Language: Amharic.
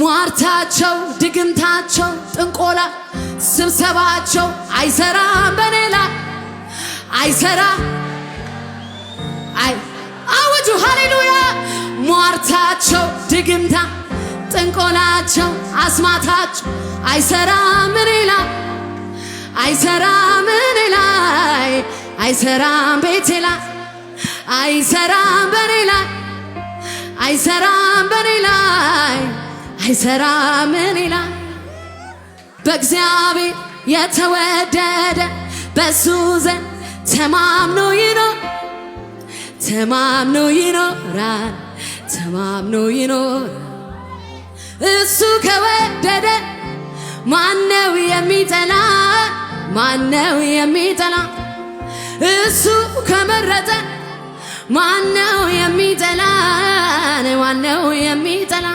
ሟርታቸው ድግምታቸው ጥንቆላ ስብሰባቸው አይሰራም፣ በኔ አይሰራ። አይ አወጁ ሃሌሉያ። ሟርታቸው ድግምታ ጥንቆላቸው አስማታቸው አይሰራም፣ እኔ ላይ አይሰራም፣ እኔ ላይ አይሰራም፣ ቤቴ ላይ አይሰራም፣ በኔ አይሰራም፣ በኔ አይሰራ ምን ይላል? በእግዚአብሔር የተወደደ በሱ ዘንድ ተማምኖ ይኖር ተማምኖ ይኖራል ተማምኖ ይኖራል። እሱ ከወደደ ማነው የሚጠላ? ማነው የሚጠላ? እሱ ከመረጠ ማነው የሚጠላ? ማነው የሚጠላ